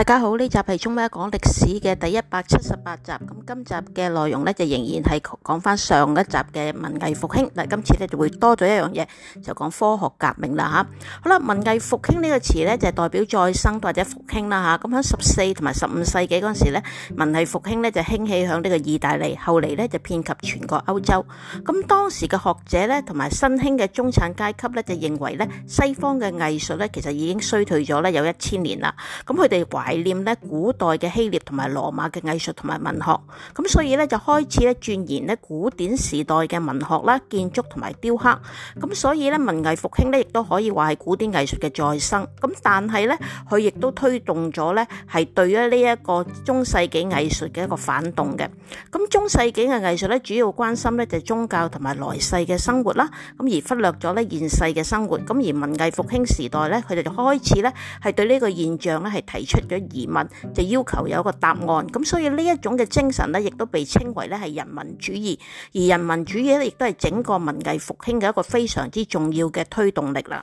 大家好，呢集係《中貓講歷史》嘅第一百七十八集。咁今集嘅內容呢，就仍然係講翻上一集嘅文藝復興。嗱，今次呢，就會多咗一樣嘢，就講科學革命啦吓。好啦，文藝復興呢個詞呢，就代表再生或者復興啦吓。咁喺十四同埋十五世紀嗰陣時呢，文藝復興呢，就興起響呢個意大利，後嚟呢，就遍及全國歐洲。咁當時嘅學者呢，同埋新興嘅中產階級呢，就認為呢，西方嘅藝術呢，其實已經衰退咗呢，有一千年啦。咁佢哋懷。懷念咧古代嘅希臘同埋羅馬嘅藝術同埋文學，咁所以咧就開始咧鑽研咧古典時代嘅文學啦、建築同埋雕刻，咁所以咧文藝復興咧亦都可以話係古典藝術嘅再生，咁但係咧佢亦都推動咗咧係對於呢一個中世紀藝術嘅一個反動嘅，咁中世紀嘅藝術咧主要關心咧就係宗教同埋來世嘅生活啦，咁而忽略咗咧現世嘅生活，咁而文藝復興時代咧佢哋就開始咧係對呢個現象咧係提出咗。疑問就要求有一個答案，咁所以呢一種嘅精神咧，亦都被稱為咧係人民主義，而人民主義咧，亦都係整個文藝復興嘅一個非常之重要嘅推動力啦。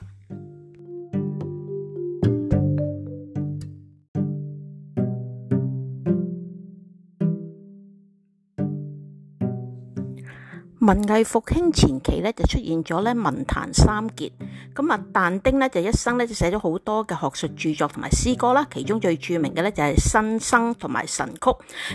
文藝復興前期咧就出現咗咧文壇三傑，咁啊但丁咧就一生咧就寫咗好多嘅學術著作同埋詩歌啦，其中最著名嘅咧就係、是《新生》同埋《神曲》，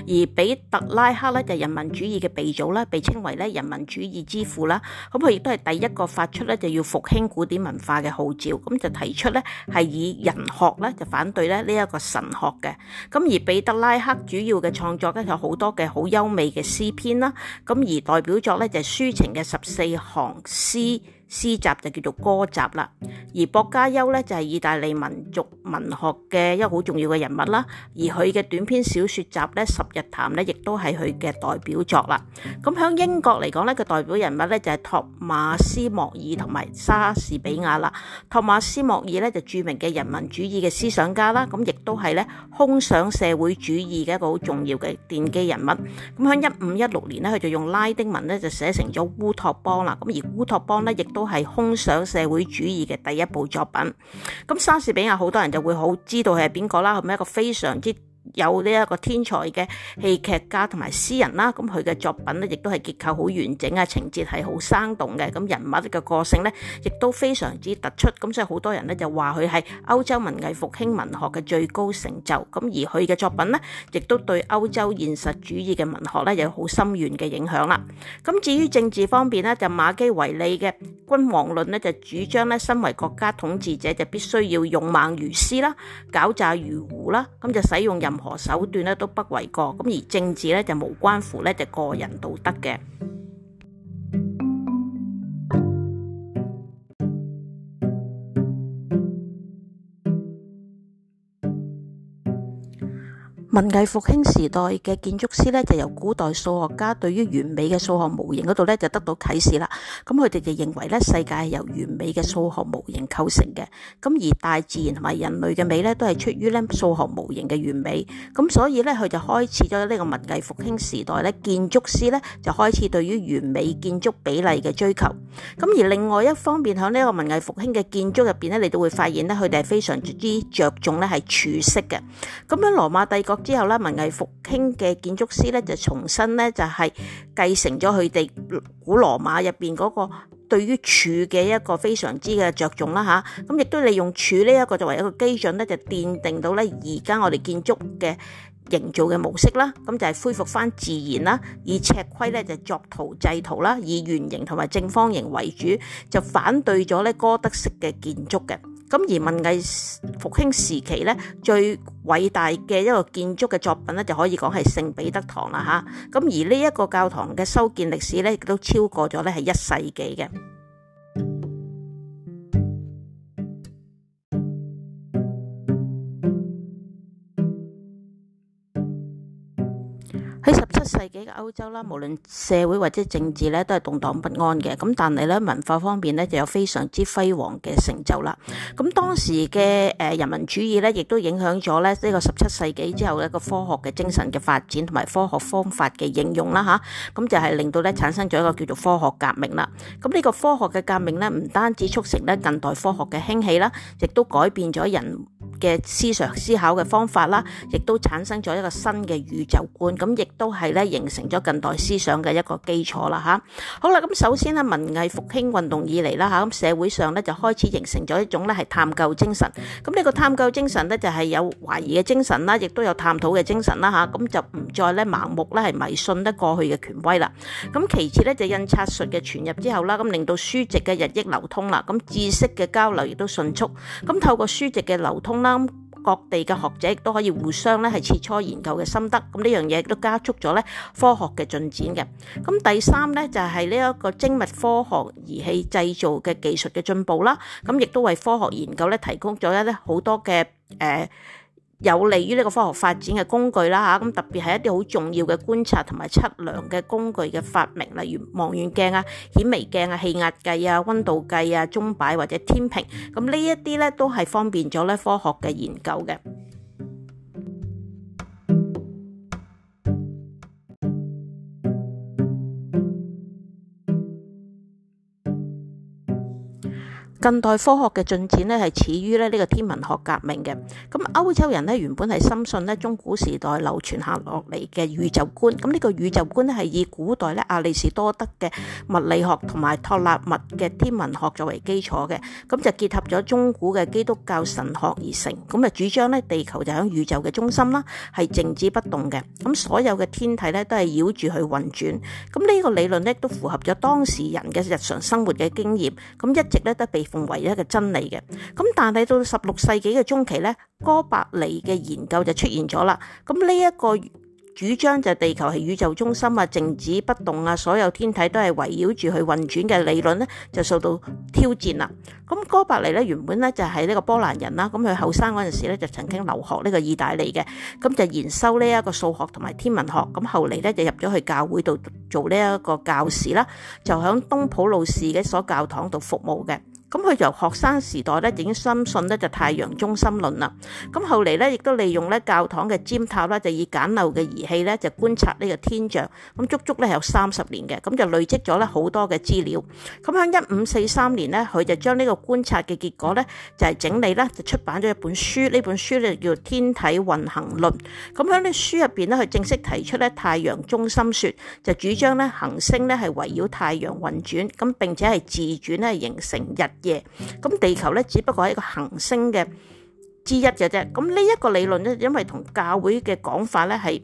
而彼特拉克咧就人文主義嘅鼻祖啦，被稱為咧人文主義之父啦，咁佢亦都係第一個發出咧就要復興古典文化嘅號召，咁就提出咧係以人學咧就反對咧呢一個神學嘅，咁而彼特拉克主要嘅創作咧有好多嘅好優美嘅詩篇啦，咁而代表作咧。就抒情嘅十四行詩。詩集就叫做歌集啦，而薄伽丘呢，就係意大利民族文學嘅一個好重要嘅人物啦。而佢嘅短篇小説集呢，《十日談》呢，亦都係佢嘅代表作啦。咁喺英國嚟講呢，個代表人物呢，就係托馬斯莫爾同埋莎士比亞啦。托馬斯莫爾呢，就著名嘅人文主義嘅思想家啦，咁亦都係呢，空想社會主義嘅一個好重要嘅奠基人物。咁喺一五一六年呢，佢就用拉丁文呢，就寫成咗《烏托邦》啦。咁而《烏托邦》呢，亦都都係空想社會主義嘅第一部作品，咁莎士比亞好多人就會好知道係邊個啦，係咪一個非常之。有呢一個天才嘅戲劇家同埋詩人啦，咁佢嘅作品呢，亦都係結構好完整啊，情節係好生動嘅，咁人物嘅個性呢，亦都非常之突出，咁所以好多人呢，就話佢係歐洲文藝復興文學嘅最高成就，咁而佢嘅作品呢，亦都對歐洲現實主義嘅文學呢，有好深遠嘅影響啦。咁至於政治方面呢，就馬基維利嘅《君王論》呢，就主張呢，身為國家統治者就必須要勇猛如獅啦，狡詐如狐啦，咁就使用任何手段咧都不為過，咁而政治咧就無關乎咧，就個人道德嘅。文藝復興時代嘅建築師咧，就由古代數學家對於完美嘅數學模型嗰度咧，就得到啟示啦。咁佢哋就認為咧，世界係由完美嘅數學模型構成嘅。咁而大自然同埋人類嘅美咧，都係出於咧數學模型嘅完美。咁所以咧，佢就開始咗呢個文藝復興時代咧，建築師咧就開始對於完美建築比例嘅追求。咁而另外一方面喺呢個文藝復興嘅建築入邊咧，你都會發現咧，佢哋係非常之着重咧係柱式嘅。咁喺羅馬帝國。之後咧，文藝復興嘅建築師咧就重新咧就係、是、繼承咗佢哋古羅馬入邊嗰個對於柱嘅一個非常之嘅着重啦吓，咁、啊、亦都利用柱呢一個作為一個基準咧，就奠定到咧而家我哋建築嘅營造嘅模式啦，咁就係恢復翻自然啦，以尺規咧就作圖製圖啦，以圓形同埋正方形為主，就反對咗咧哥德式嘅建築嘅。咁而文藝復興時期咧，最偉大嘅一個建築嘅作品咧，就可以講係聖彼得堂啦吓。咁而呢一個教堂嘅修建歷史咧，亦都超過咗咧係一世紀嘅。喺十七世紀嘅歐洲啦，無論社會或者政治咧，都係動蕩不安嘅。咁但係咧，文化方面咧，就有非常之輝煌嘅成就啦。咁當時嘅誒人民主義咧，亦都影響咗咧呢個十七世紀之後呢個科學嘅精神嘅發展，同埋科學方法嘅應用啦吓。咁就係令到咧產生咗一個叫做科學革命啦。咁呢個科學嘅革命咧，唔單止促成咧近代科學嘅興起啦，亦都改變咗人。嘅思想思考嘅方法啦，亦都產生咗一個新嘅宇宙觀，咁亦都係咧形成咗近代思想嘅一個基礎啦吓，好啦，咁首先咧，文藝復興運動以嚟啦吓，咁社會上咧就開始形成咗一種咧係探究精神。咁、這、呢個探究精神咧就係有懷疑嘅精神啦，亦都有探討嘅精神啦吓，咁就唔再咧盲目咧係迷信得過去嘅權威啦。咁其次咧就印刷術嘅傳入之後啦，咁令到書籍嘅日益流通啦，咁知識嘅交流亦都迅速。咁透過書籍嘅流通啦。各地嘅學者亦都可以互相咧係切磋研究嘅心得，咁呢樣嘢都加速咗咧科學嘅進展嘅。咁第三咧就係呢一個精密科學儀器製造嘅技術嘅進步啦，咁亦都為科學研究咧提供咗一啲好多嘅誒。呃有利於呢個科學發展嘅工具啦嚇，咁特別係一啲好重要嘅觀察同埋測量嘅工具嘅發明，例如望遠鏡啊、顯微鏡啊、氣壓計啊、溫度計啊、鐘擺或者天平，咁呢一啲咧都係方便咗咧科學嘅研究嘅。近代科學嘅進展呢，係始於咧呢個天文學革命嘅。咁歐洲人呢，原本係深信咧中古時代流傳下落嚟嘅宇宙觀。咁呢個宇宙觀咧係以古代咧亞里士多德嘅物理學同埋托勒密嘅天文學作為基礎嘅。咁就結合咗中古嘅基督教神學而成。咁啊主張呢，地球就喺宇宙嘅中心啦，係靜止不動嘅。咁所有嘅天體呢，都係繞住去運轉。咁呢個理論呢，都符合咗當時人嘅日常生活嘅經驗。咁一直咧都被同唯一嘅真理嘅咁，但係到十六世紀嘅中期咧，哥白尼嘅研究就出現咗啦。咁呢一個主張就係地球係宇宙中心啊，靜止不動啊，所有天體都係圍繞住佢運轉嘅理論咧，就受到挑戰啦。咁哥白尼咧原本咧就係呢個波蘭人啦。咁佢後生嗰陣時咧就曾經留學呢個意大利嘅，咁就研修呢一個數學同埋天文學。咁後嚟咧就入咗去教會度做呢一個教士啦，就響東普魯士嘅一所教堂度服務嘅。咁佢由學生時代咧已經深信咧就太陽中心論啦。咁後嚟咧亦都利用咧教堂嘅尖塔咧，就以簡陋嘅儀器咧就觀察呢個天象。咁足足咧有三十年嘅，咁就累積咗咧好多嘅資料。咁喺一五四三年咧，佢就將呢個觀察嘅結果咧就係、是、整理咧就出版咗一本書。呢本書咧就叫《天體運行論》。咁喺呢書入邊咧，佢正式提出咧太陽中心説，就主張咧行星咧係圍繞太陽運轉，咁並且係自轉咧形成日。咁地球咧，只不過係一個行星嘅之一嘅啫。咁呢一個理論咧，因為同教會嘅講法咧係。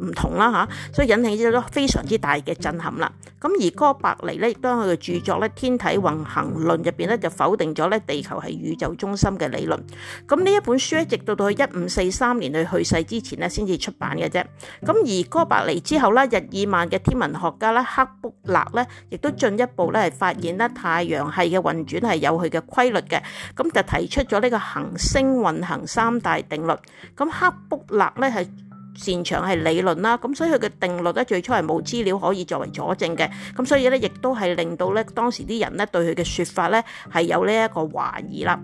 唔同啦吓，所以引起咗非常之大嘅震撼啦。咁而哥白尼咧，亦喺佢嘅著作咧《天體運行論》入邊咧，就否定咗咧地球係宇宙中心嘅理論。咁呢一本書一直到到佢一五四三年佢去世之前呢，先至出版嘅啫。咁而哥白尼之後咧，日耳曼嘅天文學家咧克卜勒咧，亦都進一步咧係發現咧太陽系嘅運轉係有佢嘅規律嘅。咁就提出咗呢個行星運行三大定律。咁克卜勒咧係。擅長係理論啦，咁所以佢嘅定律咧最初係冇資料可以作為佐證嘅，咁所以咧亦都係令到咧當時啲人咧對佢嘅説法咧係有呢一個懷疑啦。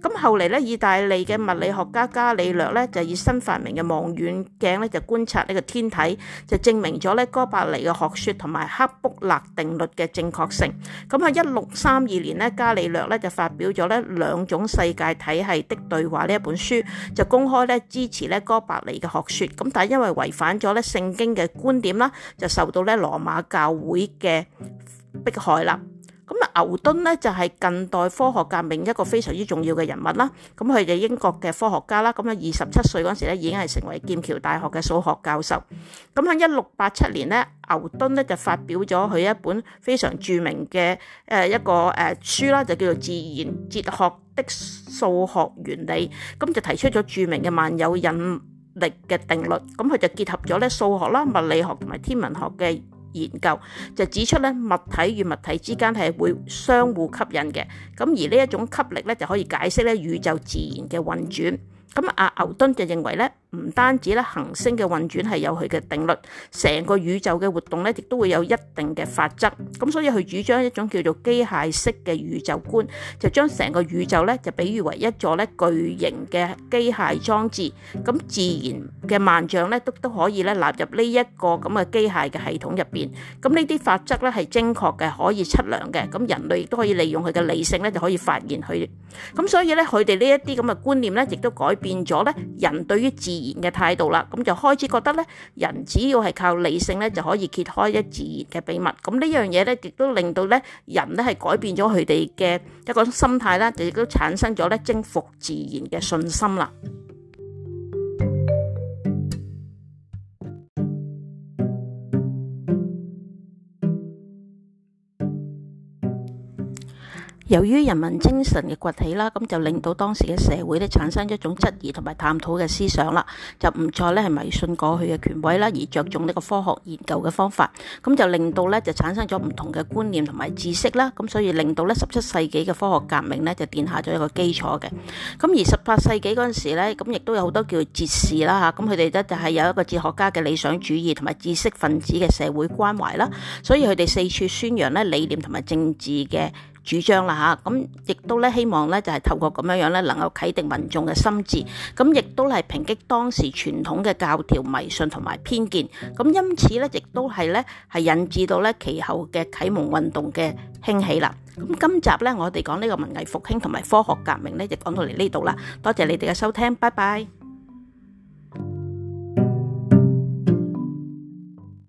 咁後嚟咧，意大利嘅物理學家伽利略咧，就以新發明嘅望遠鏡咧，就觀察呢個天體，就證明咗咧哥白尼嘅學說同埋克卜勒定律嘅正確性。咁喺一六三二年咧，伽利略咧就發表咗咧兩種世界體系的對話呢一本書，就公開咧支持咧哥白尼嘅學說。咁但係因為違反咗咧聖經嘅觀點啦，就受到咧羅馬教會嘅迫害啦。牛頓咧就係近代科學革命一個非常之重要嘅人物啦，咁佢哋英國嘅科學家啦，咁啊二十七歲嗰時咧已經係成為劍橋大學嘅數學教授，咁喺一六八七年咧牛頓咧就發表咗佢一本非常著名嘅誒一個誒書啦，就叫做《自然哲學的數學原理》，咁就提出咗著名嘅萬有引力嘅定律，咁佢就結合咗咧數學啦、物理學同埋天文學嘅。研究就指出咧，物體與物體之間係會相互吸引嘅，咁而呢一種吸力咧就可以解釋咧宇宙自然嘅運轉。咁、啊、阿牛頓就認為咧。唔單止咧，行星嘅運轉係有佢嘅定律，成個宇宙嘅活動咧亦都會有一定嘅法則。咁所以佢主張一種叫做機械式嘅宇宙觀，就將成個宇宙咧就比喻為一座咧巨型嘅機械裝置。咁自然嘅萬象咧都都可以咧納入呢一個咁嘅機械嘅系統入邊。咁呢啲法則咧係精確嘅，可以測量嘅。咁人類亦都可以利用佢嘅理性咧就可以發現佢。咁所以咧佢哋呢一啲咁嘅觀念咧亦都改變咗咧人對於自然嘅態度啦，咁就開始覺得咧，人只要係靠理性咧，就可以揭開一自然嘅秘密。咁呢樣嘢咧，亦都令到咧，人咧係改變咗佢哋嘅一個心態啦，亦都產生咗咧征服自然嘅信心啦。由於人民精神嘅崛起啦，咁就令到當時嘅社會咧產生一種質疑同埋探討嘅思想啦，就唔再咧係迷信過去嘅權威啦，而着重呢個科學研究嘅方法，咁就令到咧就產生咗唔同嘅觀念同埋知識啦，咁所以令到咧十七世紀嘅科學革命咧就奠下咗一個基礎嘅。咁而十八世紀嗰陣時咧，咁亦都有好多叫做哲士啦嚇，咁佢哋咧就係有一個哲學家嘅理想主義同埋知識分子嘅社會關懷啦，所以佢哋四處宣揚咧理念同埋政治嘅。主張啦嚇，咁亦都咧希望咧就係透過咁樣樣咧，能夠啟迪民眾嘅心智，咁亦都係抨擊當時傳統嘅教條迷信同埋偏見，咁因此咧亦都係咧係引致到咧其後嘅啟蒙運動嘅興起啦。咁今集咧我哋講呢個文藝復興同埋科學革命咧，就講到嚟呢度啦。多謝你哋嘅收聽，拜拜。